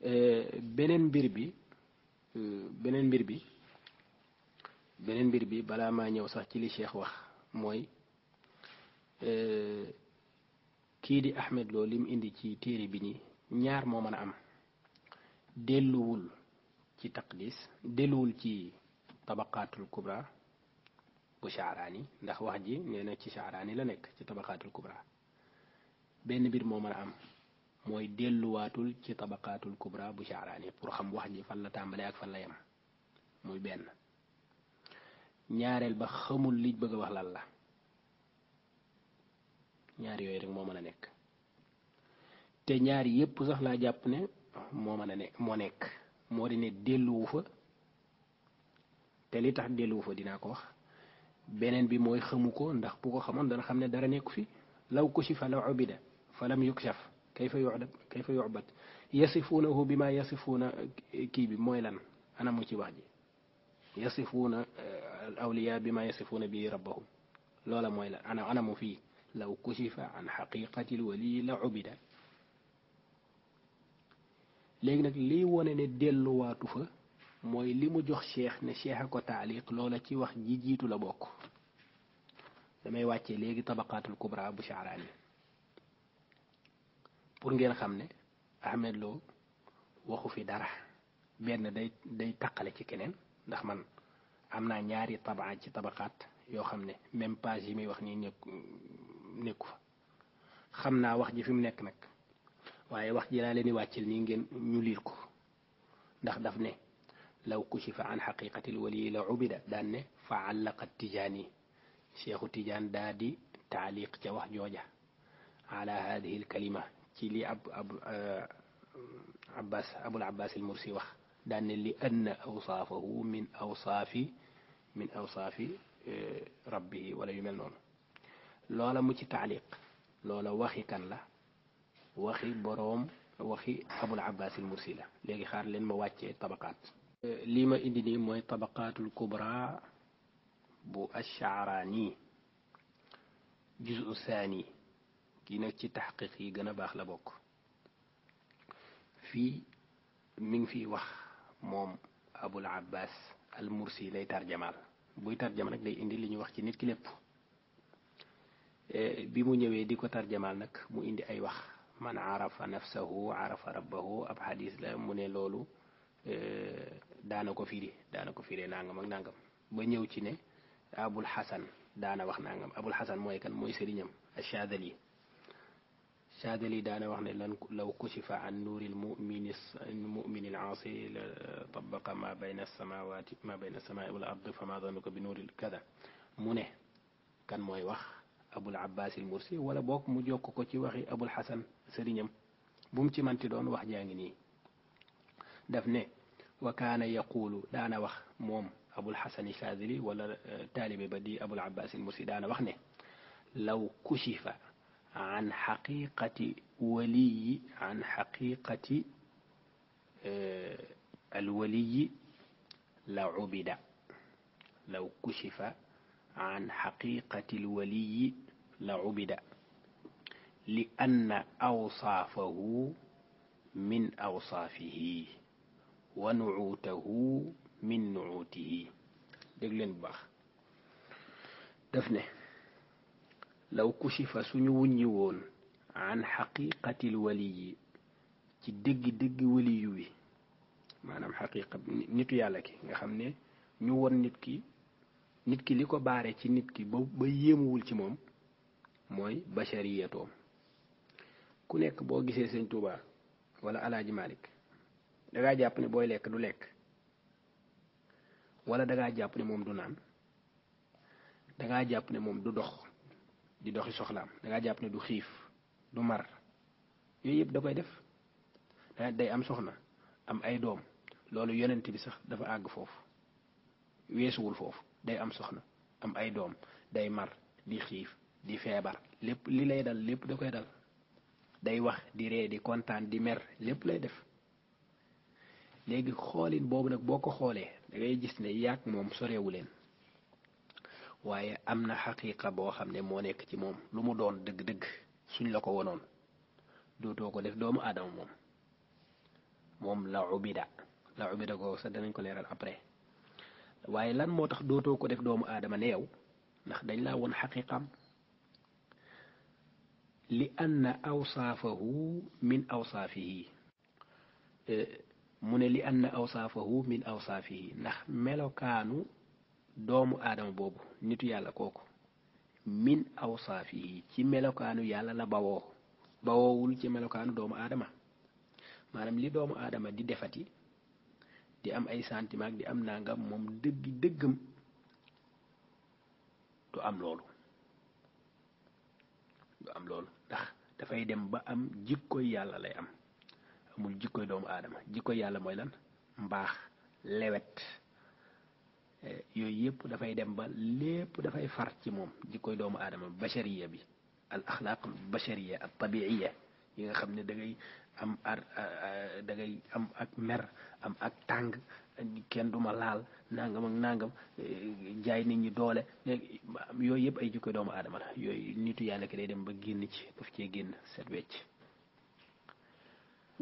Eh, beneen mbir bi eh, beneen mbir bi beneen mbir bi balaa maa ñëw sax ci li Cheikh wax mooy eh, kii di Ahmed Lo lim indi ci téere bi ñi ñaar moo mën a am delluwul ci taqdis delluwul ci tabaqaatul kubra bu Shaaraani ndax wax ji nee na ci Shaaraani la nekk ci tabaqaatul kubra benn mbir moo mën a am moy delu watul ci tabaqatul kubra bu sharani pour xam wax ji fan la tambale ak fan la yam moy ben ñaarel ba xamul li bëgg wax lan la ñaar yoy rek mo meuna nek te ñaar yépp sax la jàpp ne mo meuna a ne moo nekk moo di ne delu wu fa te li tax delu wu fa dina ko wax benen bi moy xamuko ndax bu ko xamone dana xamne dara nekku fi law kushifa law ubida fa lam yukshaf كيف يعبد كيف يعبد يصفونه بما يصفون كي بي انا موتي واجي يصفون آه، الاولياء بما يصفون به ربهم لولا مويلا انا انا مو في لو كشف عن حقيقه الولي لعبد لكن نك لي وني ني ديلو واتو فا موي لي مو جوخ شيخ ني شيخ اكو تعليق لولا تي واخ جي جيتو لا بوك damay wàccee léegi tabaqaatul kubra bu shaaraani pour ngeen xam ne Ahmed Lo waxu fi dara benn day day taqale ci keneen ndax man am naa ñaari tabaa ci tabaxaat yoo xam ne même page yi muy wax nii nekku nekku fa xam naa wax ji fi mu nekk nag waaye wax ji laa leen di wàccil nii ngeen ñu liir ko ndax daf ne law kushifa an xaqiqati lwaliyi la ubida daan ne fa àllaqa tijaani cheikhu tijaan daa di taaliq ca wax jooja ala hadihi alkalima ci li ab ab abbas abul abbas al mursi wax daan ne li ann awsaafahu min awsaafi min awsaafi rabbihi wala yu mel noonu loola mu ci taaliq loola waxi kan la waxi boroom waxi abul abbas al mursi la léegi xaar leen ma wàccee tabaqaat lii ma indi nii mooy tabaqaatul kubra bu ashaaraani juzu saani kii nag ci taxqiq yi gën a baax la bokk fii mu ngi fi wax moom abul abbas al mursi lay tarjamaal buy tarjama nag day indi li ñuy wax ci nit ki lépp e, bi mu ñëwee di ko tarjamaal nag mu indi ay wax man arafa nafsahu arafa rabbahu ab xadis la mu ne loolu e, daana ko firi daana ko firee nangam ak nangam ba ñëw ci ne abul xasan daana wax nangam abul xasan mooy kan mooy sëriñam achadali شاهد لي دانا وحنا لو كشف عن نور المؤمن المؤمن العاصي طبق ما بين السماوات ما بين السماء والارض فما ظنك بنور كذا مونه كان موي واخ ابو العباس المرسي ولا بوك مو جوكو كو واخي ابو الحسن سرينم بوم تي مانتي دون واخ جاغي ني داف وكان يقول دانا واخ موم ابو الحسن الشاذلي ولا طالب بدي ابو العباس المرسي دانا واخ لو كشف عن حقيقة ولي عن حقيقة آه، الولي لعبد لو كشف عن حقيقة الولي لعبد لأن أوصافه من أوصافه ونعوته من نعوته dégg باخ دفنه law kushifa suñu wuññi woon an xaqiqatil waliyi ci dëgg-dëgg waliyu wi maanaam xaqiqa nitu yàlla ki nga xam ne ñu won nit ki nit ki li ko baare ci nit ki ba yéemuwul ci moom mooy bashariyatoom ku nekk boo gisee sëñ Tuuba wala alaaji Malik dangaa jàpp ne booy lekk du lekk wala dangaa jàpp ni moom du naan dangaa jàpp ne moom du dox di doxi soxlaam da ngaa jàpp ne du xiif du mar yooyu yëpp da koy def da day am soxna am ay doom loolu yonent bi sax dafa àgg foofu weesuwul foofu day am soxna am ay doom day mar di xiif di feebar lépp li lay dal lépp da koy dal day wax di ree di kontaan di mer lépp lay def léegi xoolin boobu nag boo ko xoolee da ngay gis ne yàgg moom soreewu waye amna haqiqa bo xamne mo nek ci mom lu mu doon deug deug suñ la ko wonoon dootoo ko def doomu adam mom mom la ubida la ubida go sa dañ ko leral après waye lan motax tax dootoo ko def doomu aadama ne yow ndax dañ la won xaqiqam li anna awsaafahu min awsaafihi mu ne li anna awsaafahu min awsaafihi ndax melokaanu doomu aadama boobu nitu yàlla kooku min awsaaf yi ci melokaanu yàlla la bawoo bawoowul ci melokaanu doomu aadama maanaam li doomu aadama di defati di am ay sentiment di am nangam moom dëggi dëggam du am loolu du am loolu ndax dafay dem ba am jikkoy yàlla lay am amul jikkoy doomu aadama jikkoy yàlla mooy lan mbaax lewet Eh, yooyu yëpp dafay dem ba lépp dafay far ci moom jikkoy doomu aadama bachariya bi al axlaaq bachariya al tabiiya yi nga xam ne dangay am ar am ak mer am ak tàng kenn duma laal nangam ak nangam eh, jaay nit ñi doole yooyu yëpp ay jikkoy doomu aadama la yooyu nitu yàlla ki day dem ba génn ci daf cee génn set wecc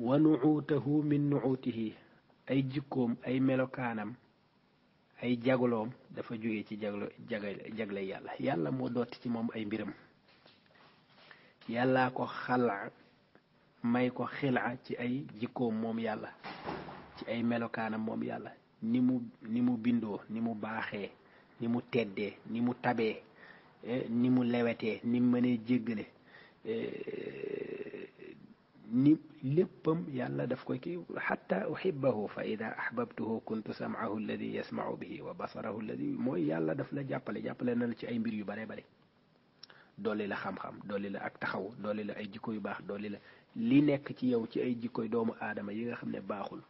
wa nuuutahu min nuutihi ay jikkoom ay melokaanam ay jagloom dafa jóge ci jaglo jagle yàlla yàlla moo doot ci moom ay mbiram yàlla ko xala may ko xilaa ci ay jikkoom moom yàlla ci ay melokaanam moom yàlla ni mu ni mu bindoo ni mu baaxee ni mu teddee ni mu tabee eh, ni mu lewetee ni mu mënee jéggale eh, ni léppam yàlla daf ko kii xatta uhibbahu fa ida ahbabtuhu kuntu samaahu alladi yasmau bihi wa basarahu alladi mooy yàlla daf la jàppale jàppale na la ci ay mbir yu bare bare dooli la xam-xam dooli la ak taxaw dooli la ay jikko yu baax dooli la li nekk ci yow ci ay jikkoy doomu aadama yi nga xam ne baaxul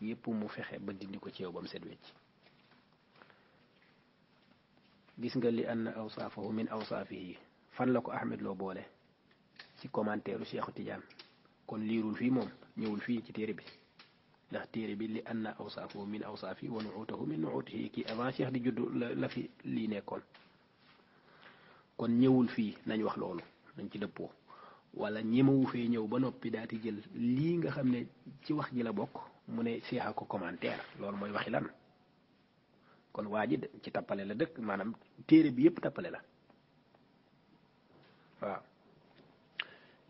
yépp mu fexe ba dindi ko ci yow ba mu set wecc gis nga li ann awsaafahu min awsaafihi fan la ko Ahmed loo boole ci commentaire u Cheikhu kon liirul fii moom ñëwul fii ci téere bi ndax téere bi li anna awsaafahu min awsaafi wa nuutahu min nuutihi kii avant cheikh di juddu la fi lii nekkoon kon ñëwul fii nañ wax loolu nañ ci dëppoo wala ñemewu fee ñëw ba noppi daal di jël lii nga xam ne ci wax ji la bokk mu ne seexa ko commentaire loolu mooy waxi lan kon waa ji ci tappale la dëkk maanaam téere bi yépp tappale la waaw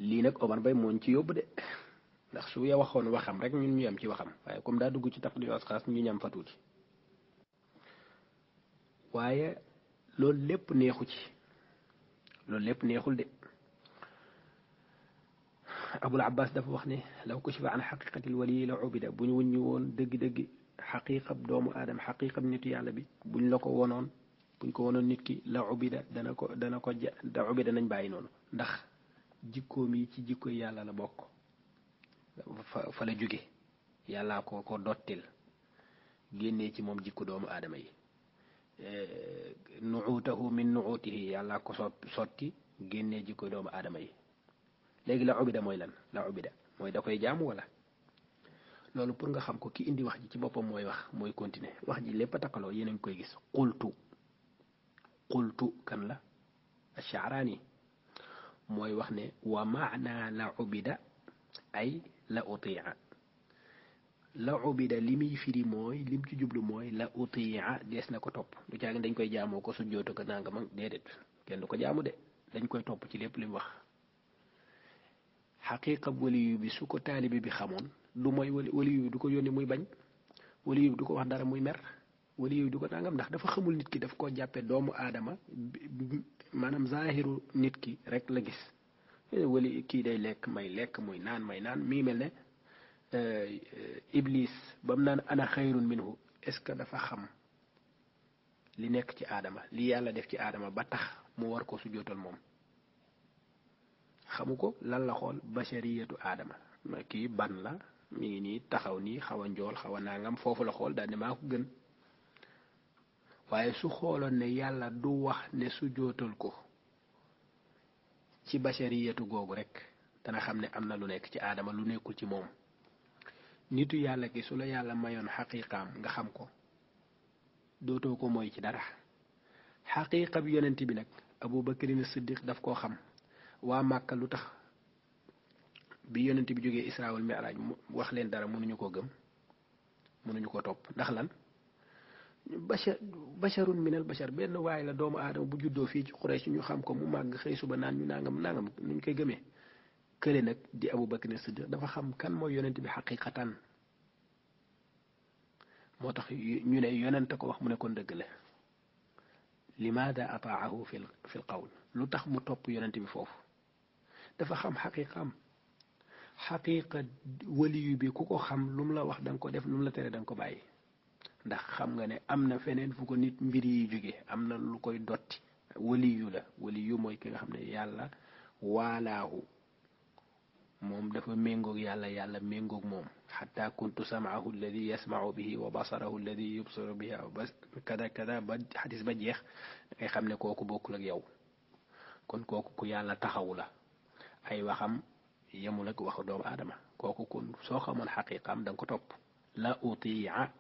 li nak Omar bay moñ ci yóbbu de ndax su ya waxon waxam rek ñun ñu yam ci waxam waye comme da dugg ci taq khas ñu ñam fa waye lool lépp neexu ci lool lépp neexul de abul abbas dafa wax ne law kushifa an xaqiqati lwali la ubida bu ñu wuññi won deug deug haqiqa doomu adam haqiqa nitu yàlla bi buñ la ko wonoon buñ ko wonon nit ki la ubida dana ko dana ko da ubida nañ bàyyi non ndax jikkoom yi ci jikko yàlla la bokk fa fa la jóge yàlla ko ko dottil génnee ci moom jikko doomu aadama yi eh, nuxuutahu min nuxuutihi yàllaa ko sotti génnee jikko doomu aadama yi léegi la ubida mooy lan la ubida mooy da koy jaamu wala loolu pour nga xam ko ki indi wax ji ci boppam mooy wax mooy continuer wax ji lépp a takkaloo yéen a ngi koy gis qultu qultu kan la ashaaraani mooy wax ne wa maana la ubida ay la utia la ubida li muy firi mooy lim ci jublu mooy la utia dees na ko topp lu caagi dañ koy jaamoo ko suñ jootu ko nanga mag déedéet kenn du ko jaamu de dañ koy topp ci lépp li wax xaqiqa waliyu bi su ko taalibe bi xamoon lu mooy waliyu bi du ko yónni muy bañ waliyu bi du ko wax dara muy mer wali yooyu du ko nangam ndax dafa xamul nit ki daf koo jàppee doomu aadama maanaam zaahiru nit ki rek la gis wali kii day lekk may lekk muy naan may naan mi mel ne iblis ba mu naan ana xayrun minhu est ce que dafa xam li nekk ci aadama li yàlla def ci aadama ba tax mu war ko su jootal moom xamu ko lan la xool bashariyatu aadama kii ban la mi ngi nii taxaw nii xaw a njool xaw a nangam foofu la xool daal ne maa ko gën waaye su xooloon ne yàlla du wax ne su jootal ko ci bashariyatu googu rek dana xam ne am na lu nekk ci aadama lu nekkul ci moom nitu yàlla ki su la yàlla mayoon xaqiiqaam nga xam ko dootoo ko mooy ci dara xaqiiqa bi yonent bi nag abu bakarin siddiq daf koo xam waa màkka lu tax bi yonent bi jógee israa wal mu wax leen dara mënuñu ko gëm mënuñu ko topp ndax lan bachar bacharun minal bachar benn waay la doomu aadama bu juddoo fii ci Quraysh ñu xam ko mu màgg xëy suba naan ñu nangam nangam ñu koy gëmee kële nag di Abu Bakr Siddiq dafa xam kan mooy yonent bi xaqiqatan moo tax ñu ne yonent ko wax mu ne kon dëgg la limaada ataahu fi fi l qawl lu tax mu topp yonent bi foofu dafa xam xaqiqaam xaqiqa waliyu bi ku ko xam lu mu la wax da nga ko def lu mu la tere danga ko bàyyi ndax xam nga ne am na feneen fu ko nit mbir yi jóge am na lu koy dotti waliyu la waliyu mooy ki nga xam ne yàlla waalaahu moom dafa méngoog yàlla yàlla méngoog moom xataa kuntu samaahu alladi yasmau ba jeex da xam ne kooku bokkul ak yow kon kooku ku yàlla la ay waxam yemul ak waxu doomu aadama kooku kon soo xamoon xaqiqaam da nga ko topp la utia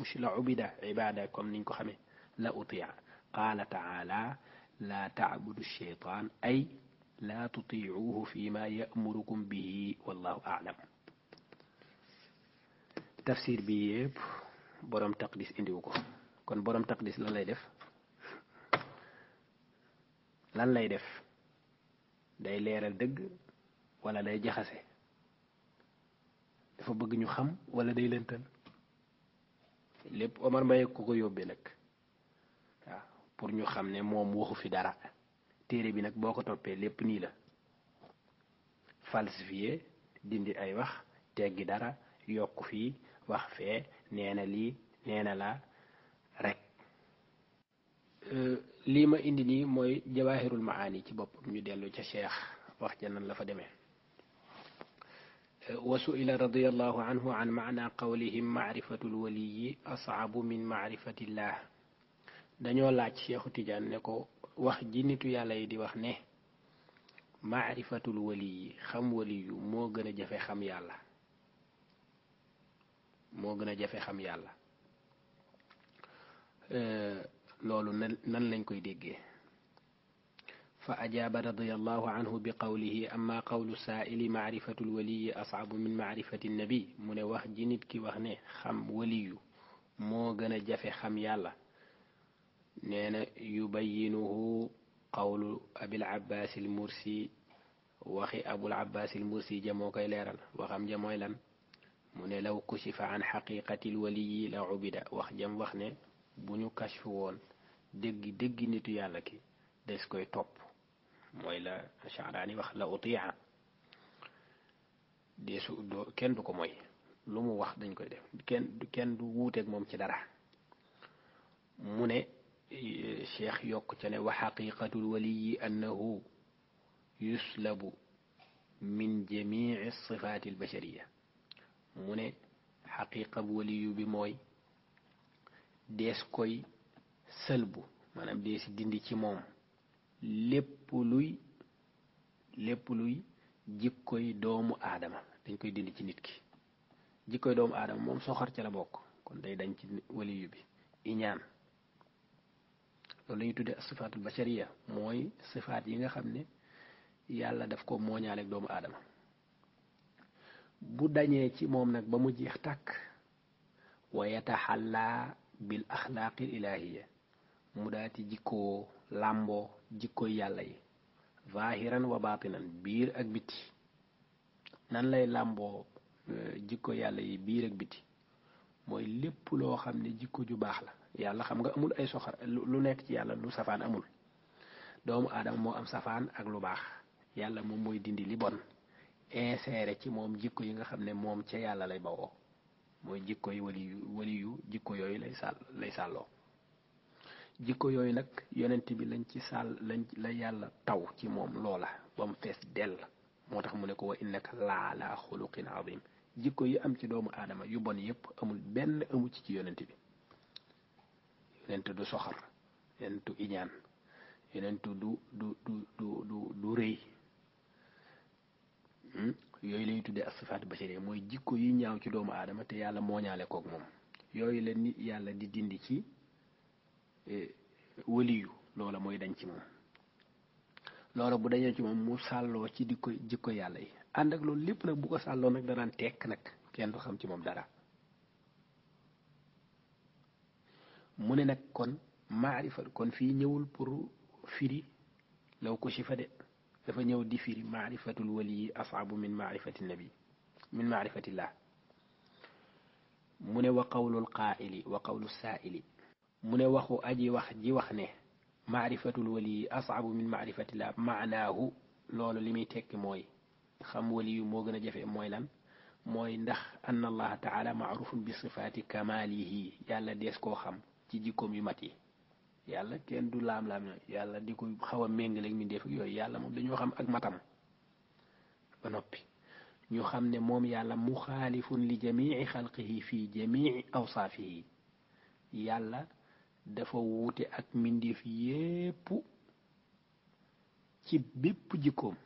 مش لا عبدة عبادة كم نينكو خمي لا أطيع قال تعالى لا تعبد الشيطان أي لا تطيعوه فيما يأمركم به والله أعلم تفسير بيب برم تقدس اندي وكو كون برم تقدس لا لاي ديف لان لاي ديف داي ليرال دغ ولا داي جخاسي دا فا ولا داي لنتل lépp Omar Mbaye ku ko yóbbee nag waaw pour ñu xam ne moom waxu fi dara téere bi nag boo ko toppee lépp nii la falsifié dindi ay wax teggi dara yokk fii wax fee nee lii nee na laa rek euh, lii ma indi nii mooy ma maani ci boppam ñu dellu ca cheikh wax ja nan la fa demee وسئل رضي الله عنه عن معنى قولهم معرفة الولي أصعب من معرفة الله dañoo laaj Cheikhu Tidiane ne ko wax ji yàlla yi di wax ne maarifatul waliyi xam waliyu moo gën a jafe xam yàlla moo gën a jafe xam yàlla euh, loolu nan nan lañ koy déggee فأجاب رضي الله عنه بقوله أما قول سائل معرفة الولي أصعب من معرفة النبي من وح جنب كي وحنه خم ولي مو غن جفه خم يالا نين يبينه قول أبي العباس المرسي وخي أبو العباس المرسي جموك ليرا وخم جموي لن من لو كشف عن حقيقة الولي لعبد وح جم وحنه بنو كشفون دق دق نتو يالكي دسكوي توبو موالا شعراني وخ لا اطيع دي سو دو كين دوكو موي لومو واخ دنج كوي ديف كين دو كين دو ووتك موم وحقيقه الولي انه يسلب من جميع الصفات البشريه موني حقيقه ولي بي ديس كوي سلبو مانام ديس ديندي سي موم لب lépp luy lépp luy jikkoy doomu aadama dañ koy dind ci nit ki jikkoy doomu aadama moom soxor ca la bokk kon day dañ ci waliyu bi iñaan loolu lañuy tuddee ak sifaatul bashariya mooy sifaat yi nga xam ne yàlla daf ko mooñaaleeg doomu aadama bu dañee ci moom nag ba mu jeex tàkk wa yataxallaa bil axlaaqil ilaahiya mu daati jikkoo làmboo jikkoy yàlla yi zahiran wa baatinan biir ak biti nan lay làmboo euh, jikko yàlla yi biir ak biti mooy lépp loo xam ne jikko ju baax la yàlla xam nga amul ay soxar lu nekk ci yàlla lu safaan amul doomu aadama moo am safaan ak lu baax yàlla moom mooy dindi li bon insérer ci moom jikko yi nga xam ne moom ca yàlla lay bawoo mooy jikko yi wali jikko yooyu lay sàll lay sàlloo jikko yooyu nag yonent bi lañ ci sàll lañ la yàlla taw ci moom loola ba mu fees dell moo tax mu ne ko wa innaka laalaa xuluqin azim jikko yi am ci doomu aadama yu bon yépp amul benn amu ci ci yonent bi yonent du soxor yonent du iñaan yonent du du du du hmm? tuddee ak sifaat bashariya mooy jikko yi ñaaw ci doomu aadama te yàlla mooñaale koog moom yooyu la nit yàlla di dindi ci E, waliyu loola mooy dañ ci moom loola bu dañoo ci moom mu sàlloo ci di ko jikko yàlla yi ànd ak loolu lépp nag bu ko sàlloo nag danaan tekk nag kenn du xam ci moom dara mu ne nag kon maarifa kon fii ñëwul pour firi law ko si fa de dafa ñëw di firi maarifatul waliyi asaabu min maarifati nabi min maarifatillah mu ne wa qawlul qaa'ili wa qawlu saa'ili mu ne waxu aji wax ji wax ne maarifatul wali asaabu min maarifatillah maanaahu loolu li muy tekki mooy xam wali yu moo gën a jafe mooy lan mooy ndax anna allaha taala maarufun bi sifaati kamaalihi yàlla dees koo xam ci jikkoom yu mat yi yàlla kenn du laam-laam yàlla di ko xaw a méngaleeg mi def yooyu yàlla moom dañoo xam ak matam ba noppi ñu xam ne moom yàlla muxaalifun li jamii xalqihi fi jamii awsaafihi yàlla dafa wuute ak mindiif yépp ci bépp jikkoom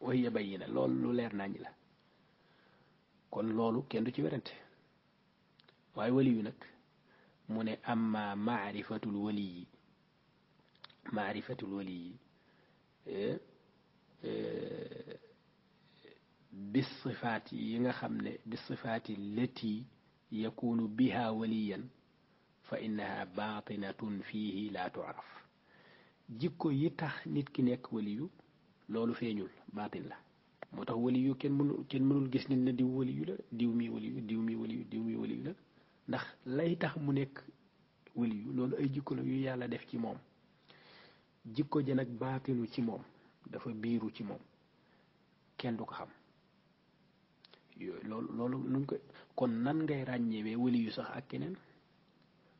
waya bayyi na loolu lu leer nañ la kon loolu kenn du ci werante waaye wali yu nag mu ne amma maarifatul wali yi maarifatul wali yi eh, eh, bisifaat yi nga xam ne bisifaati lati yakunu biha waliyan fa innaha baatinatun fii laa tuaraf jikko yi tax nit ki nekk waliyu loolu feeñul baatin la moo tax waliyu kenn mënul mënul gis nit ne diw waliyu la diw mi waliyu diw mi waliyu diw mi waliyu la ndax lay tax mu nekk waliyu loolu ay jikko la yu yàlla def ci moom jikko ja nag baatinu ci moom dafa biiru ci moom kenn du ko xam loolu loolu ko kon nan ngay ràññeewee waliyu sax ak keneen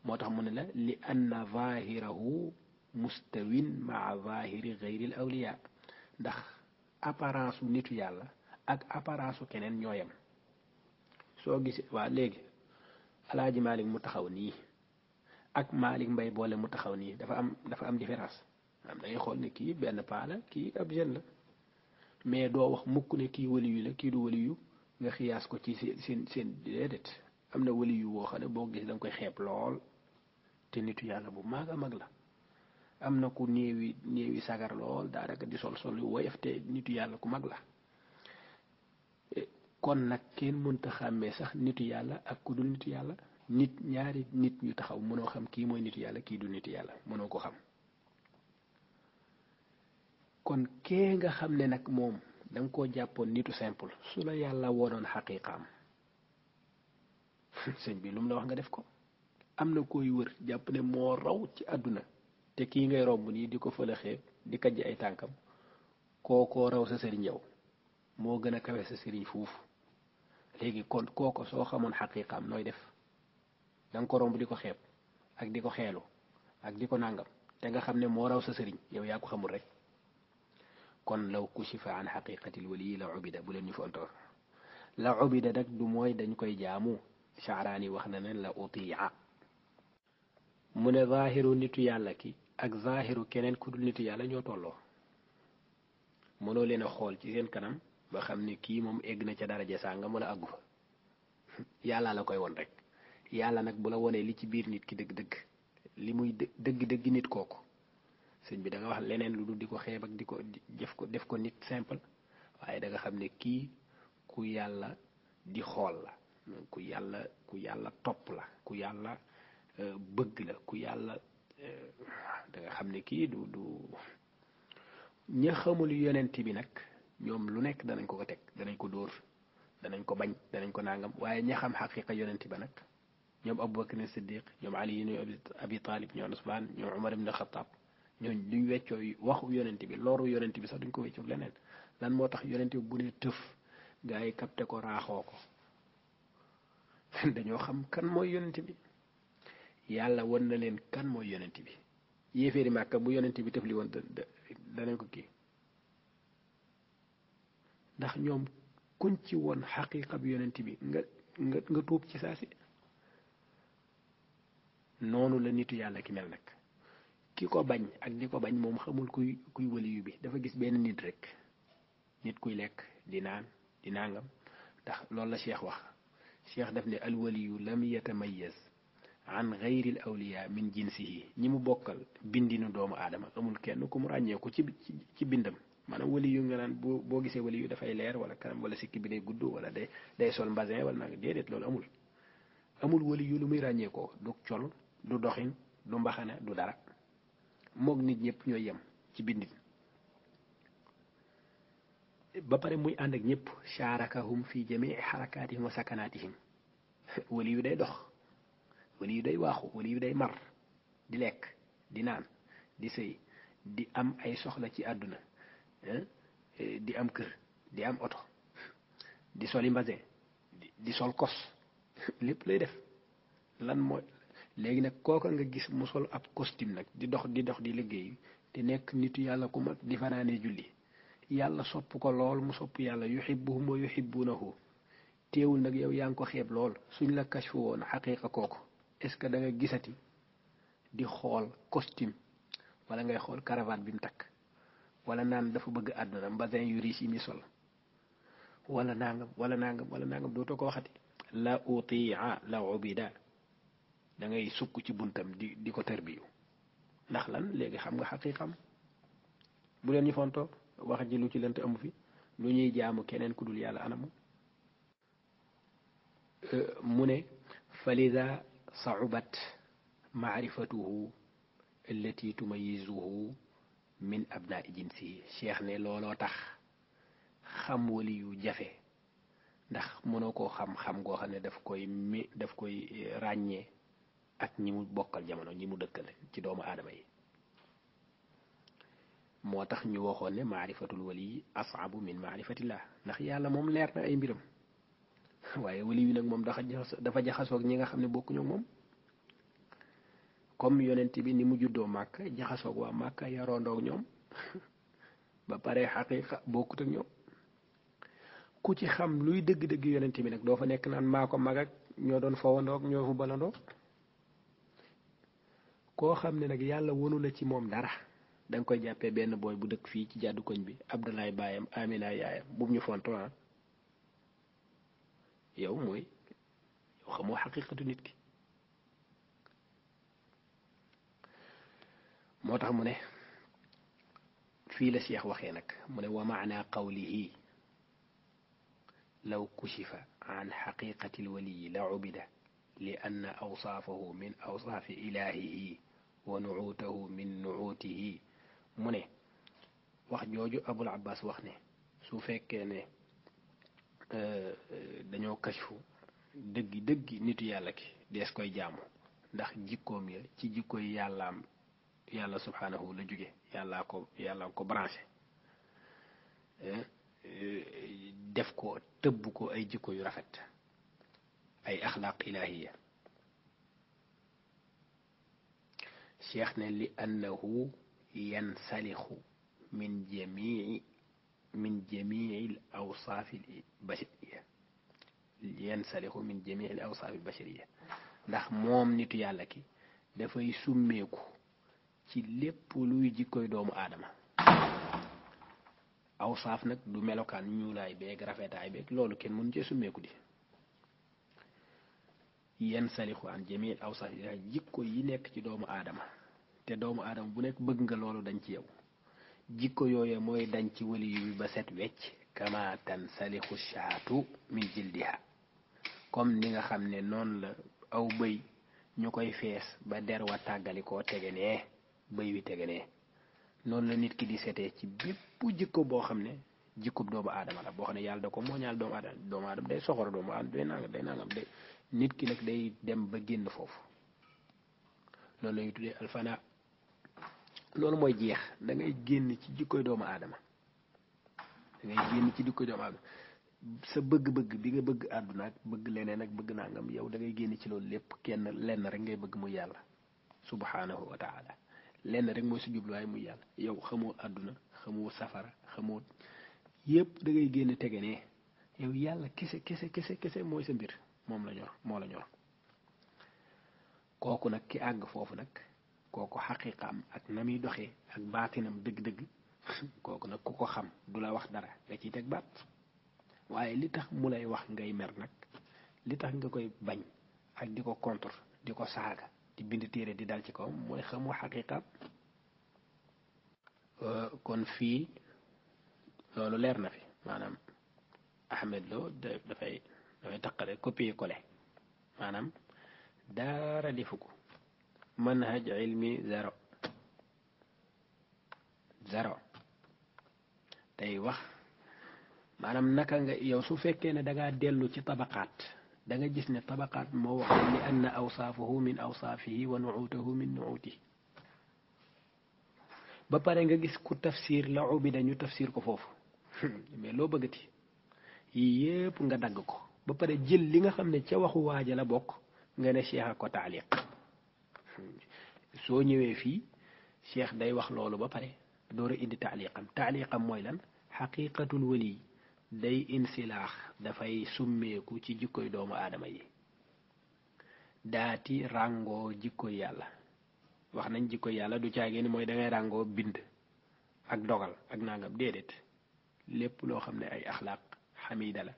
موتاخ مون لا لان ظاهره مستو مع ظاهر غير الاولياء داخ ابارانس نيتو يالا اك ابارانس كينن نيويم سو غيس وا ليغي الحاج مالك متخاو ني اك مالك مباي بوله متخاو ني دا فا ام دا فا ام ديفيرانس ام داغي خول ني كي بن بالا كي ابجن لا مي دو واخ موك ني كي وليو لا كي دو وليو nga xiyaas ko ci seen seen dedet am na yu woo xam ne gis da koy xeeb lool te nitu yàlla bu mag a mag la am na ku néewi néewi sagar lool daanaka di sol sol yu woyof te nitu yàlla ku mag la e, kon nag kenn mënta xàmmee sax nitu yàlla ak ku dul nitu yàlla nit ñaari nit ñu taxaw mënoo xam kii mooy nitu yàlla kii du nitu yàlla mënoo ko xam kon kee nga xam ne nag moom danga koo jàppoon nitu simple su la yàlla woonoon xaqiqaam sëñ bi lu mu la wax nga def ko am na koy wër jàpp ne moo raw ci àdduna te kii ngay romb nii di ko fëlëxee di kajj ay tànkam kookoo raw sa sëriñ yow moo gën a kawe sa sëriñ foofu léegi kon kooko soo xamoon xaqiiqaam nooy def danga ko romb di ko xeeb ak di ko xeelu ak di ko nàngam te nga xam ne moo raw sa sëriñ yow yaa ko xamul rek kon law kushifa an xaqiqatil wali la ubida bu leen ñu fontoor la ubida nag du mooy dañ koy jaamu Sha'raani wax na ne la utiya mu ne zaahiru nitu yàlla ki ak zaahiru keneen ku dul nitu yàlla ñoo tolloo mënoo leen a xool ci seen kanam ba xam ne kii moom egg na ca nga sàngam wala àggu yàlla la koy won rek yàlla nag bu la wonee li ci biir nit ki dëgg-dëgg li muy dëgg-dëgg nit kooku sëñ bi danga wax leneen lu dul di ko xeeb ak di ko def ko def ko nit simple waaye danga xam ne kii ku yàlla di xool la ku yàlla ku yàlla topp la ku yàlla bëgg la ku yàlla eh, da xam ne kii du du ña xamul yonent bi nag ñoom lu nekk danañ ko ko teg danañ ko dóor danañ ko bañ danañ ko nangam waaye ña xam xaqiqa yonent ba nag ñoom Abubakar ne Siddiq ñoom Ali yi ñoom Abi Talib ñoom Usmaan ñoom Umar ibn Xattaab ñooñ duñ weccoo waxu yonent bi looru yonent bi sax duñ ko weccoo leneen lan moo tax yonent bi bu dee tëf gaa yi capté ko raaxoo ko dañoo xam kan mooy yonent bi yàlla wan na leen kan mooy yonent bi yéeféeri màkka bu yonent bi tëf li woon danañ ko kii ndax ñoom kuñ ci woon xaqiqa xab yonent bi nga nga nga tuub ci saa si noonu la nitu yàlla ki mel nag ki ko bañ ak di ko bañ moom xamul kuy kuy waliyu bi dafa gis benn nit rek nit kuy lekk di naan di nangam ndax loolu la cheikh wax cheikh def ne alwaliyu lam yatamayaz an gayril awliya min jinsihi ñi mu bokkal bindinu doomu aadama amul kenn ku mu ràññeeku ci ci bindam maanaam wali yu nga boo gisee wali yu dafay leer wala kanam wala sikki bi day gudd wala day day wala nag déedéet loolu amul amul wali lu muy ràññeekoo du col du doxin du mbaxana du dara moog nit ñëpp ñooy yem ci bindin ba pare muy ànd ak ñëpp shaarakahum fi jamii xarakaatihim wa sakanaatihim day dox waliyu day waaxu waliyu day mar di lek di nan di sëy di am ay soxla ci àdduna di am keur di am auto di soli mbazé di sol kos lépp lay def lan mooy legui nak kooka nga gis mu sol ab costume nak di dox di dox di liggey te nek nitu yàlla ku mag di fanane julli yàlla sopp ko lol mu sopp yàlla yuhibbuhum wa yuhibbunahu téewul nak yow yang ko xeb lol suñ la kashfu won haqiqa koko est-ce da nga gisati di xool costume wala ngay xool cravate bi mu takk wala naan dafa bëgg àdduna mbasin yu riche yi mi sol wala nangam wala nangam dootoo ko waxati la utia la ubida da ngay sukk ci buntam di di ko tërbiyu ndax lan léegi xam nga xaqiqam bu leen ñu fontoo wax ji lu ci lent amu fi lu ñuy jaamu keneen ku dul yàlla anamu euh, mu ne falida saubat maarifatuhu allati tumayisuhu min abnaai jinsihi cheikh ne looloo tax xam wali jafe ndax mënoo koo xam-xam goo xam ne daf koy koy eh, ràññee ak ñi mu bokkal jamono ñi mu dëkkal ci doomu aadama yi moo tax ñu waxoon ne maarifatul wali asaabu min maarifatillah ndax yàlla moom leer na ay mbiram waaye waliyu nag moom dafa jaxasoo dafa jaxasoo ñi nga xam ne bokkuñu moom comme yonent bi ni mu juddoo màkk jaxasoo ak waa màkk yaroondoog ñoom ba pare xaqiqa bokkut ak ñoom ku ci xam luy dëgg-dëgg yonent bi nag doo fa nekk naan maa ko mag ak ñoo doon fowandoog ñoo fu balandoog koo xam ne nag yàlla wonu la ci moom dara da koy jàppee benn booy bu dëkk fii ci jàddu koñ bi Abdalaay baayam Amina yaayam bu ñu fonto ah. yow mooy yow xamoo xaqiqatu nit ki moo tax mu ne fii la cheikh waxee nag mu ne wa maana qawlihi law kushifa an xaqiqati alwaliyi la ubida لأن أوصافه من أوصاف إلهه ونعوته من نعوته mu ne wax jooju Abul Abbas wax ne su fekkee ne Eh, dañoo kashfu dëggi dëggi nitu yàlla ki dees koy jaamu ndax jikkoom ya ci jikkoy yàllaam yàlla subhaanahu la jóge yàllaa ko yàllaa ko branché eh, eh, def ko tëbb ko ay jikko yu rafet ay axlaaq ilaahiya cheikh ne li annahu yansalixu min jamii min jamii al awsaaf al bashariya yansalixu min jamii al awsaaf al ndax moom nitu yàlla ki dafay summeeku ci lépp luy jikkoy doomu aadama awsaaf nag du melokaan ñuulaay beeg rafetaay beeg loolu kenn mënu cee summeeku di yenn salixu an jamii awsaaf jikko yi nekk ci doomu aadama te doomu aadama bu nekk bëgg nga loolu dañ ci yow jikko yooye mooy dañ ci wali yu ba set wecc kama tansalixu shaatu min jildiha comme ni nga xam ne noonu la aw bëy ñu koy fees ba derwa tàggali koo tege nee bëy wi tege nee noonu la nit ki di setee ci bépp jikko boo xam ne jikkub doomu aadama la boo xam ne yàlla da ko mooñaal doomu aadama doomu aadama day soxor doomu aadama day nangam day nit ki nag day dem ba génn foofu loolu la tuddee alfana loolu mooy jeex da ngay génn ci jikkoy doomu aadama da ngay génn ci jikkoy doomu aadama sa bëgg-bëgg bi nga bëgg àdduna ak bëgg leneen ak bëgg nangam yow da ngay génn ci loolu lépp kenn lenn rek ngay bëgg muy yàlla subhanahu wa taala lenn rek mooy sa jubluwaay muy yàlla yow xamoo àdduna xamoo safara xamoo yépp da ngay génn tege ne yow yàlla kese kese kese kese mooy sa mbir moom la ñor moo la ñor kooku nag ki àgg foofu nag kooku xaqiqaam ak na muy doxee ak baatinam dëgg-dëgg kooku nag ku ko xam du la wax dara nga ciy teg baat waaye li tax mu lay wax ngay mer nag li tax nga koy bañ ak di ko contre di ko saaga di bind téere di dal ci kawam mooy xamu xaqiqaam euh, kon fii loolu leer na fi maanaam Ahmed Lo dafay dafay taqale copier coller maanaam daara defu ko manhaj ilmi zéro zéro tey wax maanaam naka nga yow su fekkee ne dangaa dellu ci tabaqaat danga gis ne tabakaat moo wax li anna awsaafahu min awsaafihi wa nuutahu min nuutihi ba pare nga gis ku tafsir la ubida ñu tafsir ko foofu mais loo bëggati yépp nga dagg ko ba pare jël li nga xam ne ca waxu waaja la bokk nga ne cheikh ko taaliq soo ñëwee fii cheikh day wax loolu ba pare door a indi taaliqam taaliqam mooy lan xaqiqatul wali day insilaax dafay summeeku ci jikkoy doomu aadama yi daati ràngoo jikkoy yàlla wax nañ jikkoy yàlla du caagee ni mooy da ngay ràngoo bind ak dogal ak nangam déedéet lépp loo xam ne ay axlaaq xamida la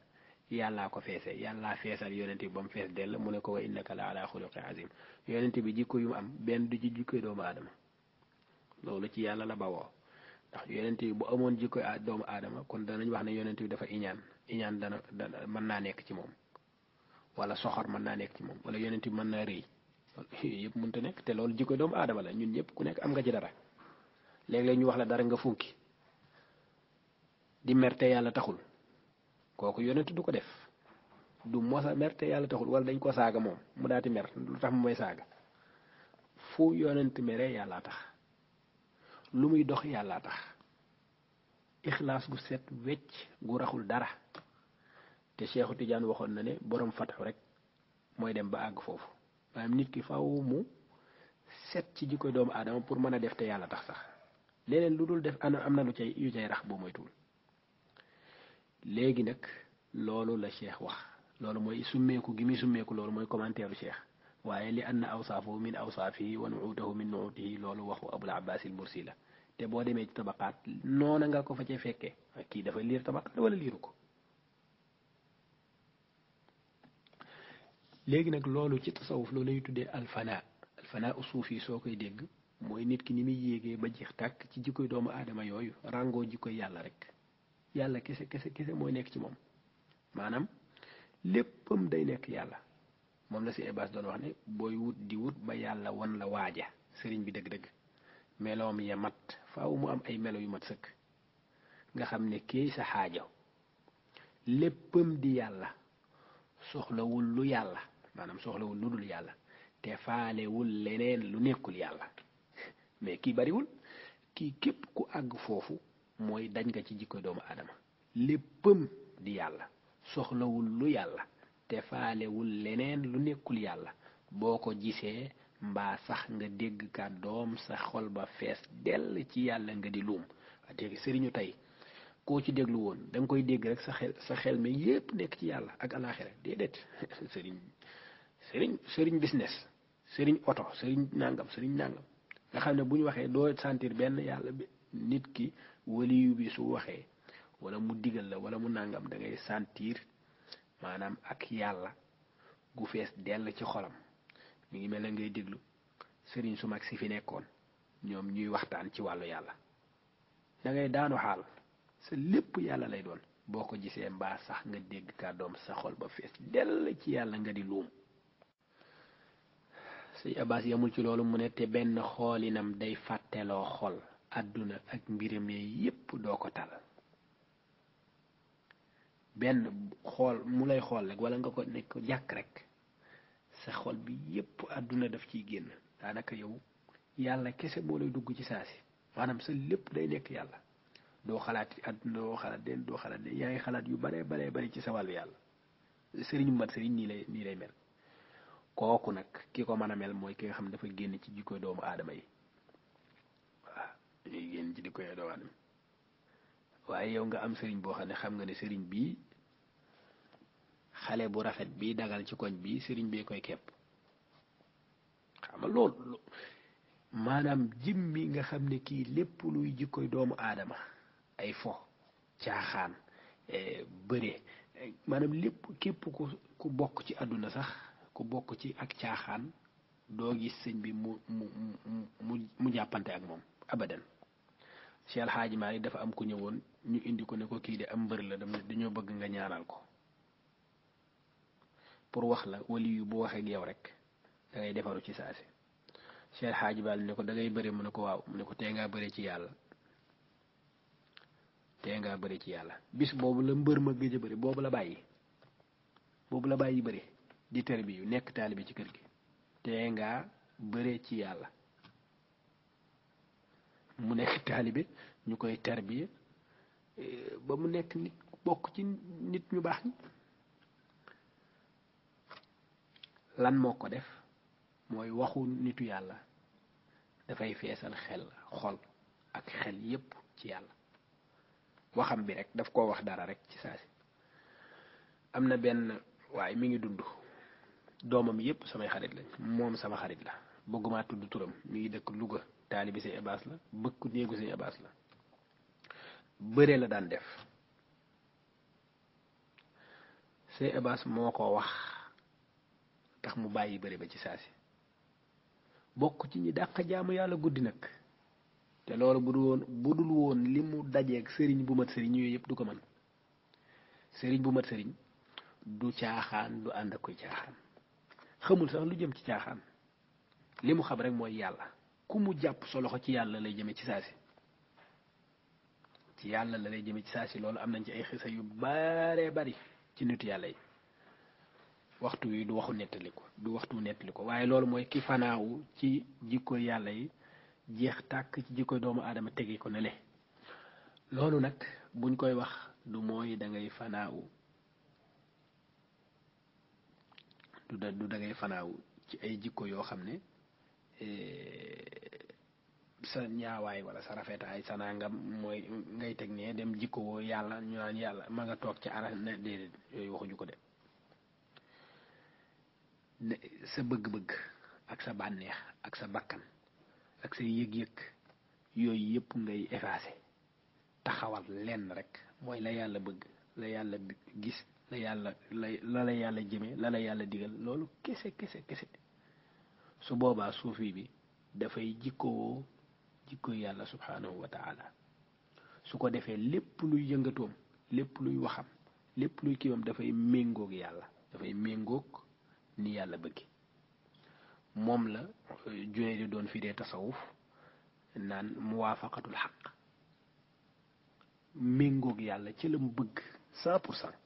yàllaa ko feese yàllaa feesal yonent bi ba mu fees dell mu ne ko wa innaka la ala xuluqi azim yonent bi jikko yu mu am benn du ci jikkoy doomu aadama loolu ci yàlla la bawoo ndax yonent bi bu amoon jikkoy doomu aadama kon danañ wax ne yonent bi dafa iñaan iñaan dana dana mën naa nekk ci moom wala soxor mën naa nekk ci moom wala yonent bi mën naa rëy yooyu yëpp mënta nekk te loolu jikkoy doomu aadama la ñun ñëpp ku nekk am nga ci dara léeg la ñu wax la dara nga funki di merte yàlla taxul koku yonent du ko def du mosa merte yalla taxul wala dañ ko saga mom mu dati mer lutax tax mu may saaga fu yonent mere yalla tax lu muy dox yalla tax ikhlas gu set wetch gu raxul dara te tidiane waxon na ne borom fataxu rek moy dem ba ag fofu manam nit ki faaw mu set ci jikkoy doom adam pour meuna def te yalla tax sax leneen def ana amna lu cey yu cey rax léegi nag loolu la cheikh wax loolu mooy summeeku gi muy summeeku loolu mooy commentaire u cheikh waaye li anna awsaafahu min awsaafihi wa nuudahu min nuudihi loolu waxu abul abbas il la te boo demee ci tabaqaat noona nga ko fa fekkee kii dafa liir tabaqaat wala liiru ko léegi nag loolu ci tasawuf loolu lay tuddee alfana alfana suuf yi soo koy dégg mooy nit ki ni muy yéegee ba jeex tàkk ci jikko doomu aadama yooyu ràngoo jikkoy yàlla rek yàlla kese kese kese mooy nekk ci moom maanaam léppam day nekk yàlla moom la si Ebaas doon wax ne booy wut di wut ba yàlla wan la waaja sëriñ bi dëgg-dëgg meloom ya mat faaw mu am ay melo yu mat sëkk nga xam ne kii sa xaajo léppam di yàlla soxlawul lu yàlla maanaam soxlawul lu dul yàlla te faalewul leneen lu nekkul yàlla mais kii bariwul kii képp ku àgg foofu mooy dañ nga ci jikko doomu aadama léppam di yàlla soxlawul lu yàlla te faalewul leneen lu nekkul yàlla boo ko gisee mbaa sax nga dégg doom sa xol ba fees dell ci yàlla nga di luum dégg sëriñu tey koo ci déglu woon da koy dégg rek sa xel sa xel mi yépp nekk ci yàlla ak alaaxira déedéet sëriñ sëriñ sëriñ business sëriñ oto sëriñ nàngam sëriñ nàngam nga xam ne bu ñu waxee doo sentir benn yàlla nit ki waliyu bi su waxee wala mu digal la wala mu nàngam da ngay maanaam ak yàlla gu fees dell ci xolam mi ngi mel ne ngay déglu sëriñ su mag si fi nekkoon ñoom ñuy waxtaan ci wàllu yàlla da ngay daanu xaal sa lépp yàlla lay doon boo ko jisee mbaa sax nga dégg kàddoom sa xol ba fees dell ci yàlla nga di luum sëñ Abbas yamul ci loolu mu ne te benn xoolinam day fàtteloo xol àdduna ak mbiram yépp doo ko tal benn xool mu lay xool rek wala nga ko nekk jàkk rek sa xol bi yépp àdduna def ciy génn daanaka yow yàlla kese moo lay dugg ci saa si maanaam sa lépp day nekk yàlla doo xalaat àdduna doo xalaat den doo xalaat yaa ngi xalaat yu bare bare bari ci sa wàllu yàlla sëriñ mat sëriñ nii lay nii lay mel kooku nag ki ko man a mel mooy ki nga xam ne dafa génn ci jikko doomu aadama yi dañuy génn ci di koy doomu waaye yow nga am sëriñ boo xam ne xam nga ne sëriñ bii xale bu rafet bii dagal ci koñ bii sëriñ bee koy kepp xam nga lool maanaam jimmi nga xam ne kii lépp luy jikkoy doomu aadama ay fo caaxaan e, bëre e, maanaam lépp képp ku bokk ci àdduna sax ku bokk ci ak caaxaan doo gis sëñ bi mu mu mu mu jàppante ak moom abadan al alhaji mari dafa am ku ñewoon ñu indi ko ne ko kii de am mbër la dam dañoo bëgg nga ñaanal ko pour wax la wali yu bu waxee ak yow rek da ngay defaru ci saasi cheikh alhaji bal ne ko da ngay bëre mu ne ko waaw mu ne ko tee ngaa bëre ci yàlla tee bëre ci yàlla bis boobu la mbër ma gëjë bayi, bëre boobu la bàyyi boobu la bàyyi bëre di tër bi yu nekk taalibi ci kër gi tee ngaa bëre ci yàlla mu nekk taalibe ñu koy eh, ba mu nekk nit bokk ci nit ñu baax ñi lan moo ko def mooy waxu nitu yàlla dafay feesal xel xol ak xel yépp ci yàlla waxam bi rek daf koo wax dara rek ci saasi am na benn waaye mi ngi dund doomam yépp samay xarit lañ moom sama xarit la bëgguma tudd turam mi dëkk Louga taalibi si ebaas la bëkku néegu si ebaas la bëre la daan def si ebaas moo ko wax tax mu bàyyi bëre ba ci saasi bokk ci ñi dàq jaamu yàlla guddi nag te loolu bu dul woon bu dul woon li mu dajeeg sëriñ bu mat sëriñ yooyu yëpp du ko mën sëriñ bu mat sëriñ du caaxaan du ànd ak koy caaxaan xamul sax lu jëm ci caaxaan li mu xam rek mooy yàlla ku mu jàpp sa ci yàlla lay jëme ci saasi ci yàlla la lay jëme ci saasi loolu am nañ ci ay xisa yu bare bari ci nitu yàlla yi waxtu wi du waxu nettali ko du waxtu nettali ko waaye loolu mooy ki fanaawu ci jikko yàlla yi jeex tàkk ci jikko doomu aadama tege ko ne le loolu nag buñ koy wax du mooy dangay ngay fanaawu du da fanaawu ci ay jikko yoo xam ne Eh, sa ñaaway wala sa rafetaay sa nangam mooy ngay teg ne dem jikkoo yàlla ñu naan yàlla ma nga toog ci ara ne déedéet yooyu waxuñu ko de sa bëgg-bëgg ak sa bànneex ak sa bakkan ak sa yëg-yëg yooyu yépp ngay effacé taxawal lenn rek mooy la yàlla bëgg la yàlla gis la yàlla la la yàlla jëme la la yàlla digal loolu kese kese kese su boobaa suufi bi dafay jikkowoo jikkoy yàlla subhaanahu wa taala su ko defee lépp luy yëngatoom lépp luy waxam lépp luy kiwam dafay méngook yàlla dafay méngook ni yàlla bëgg moom la euh, Junayd di doon firee tasawuf naan muwaafaqatul xaq méngoog yàlla ci la mu bëgg cent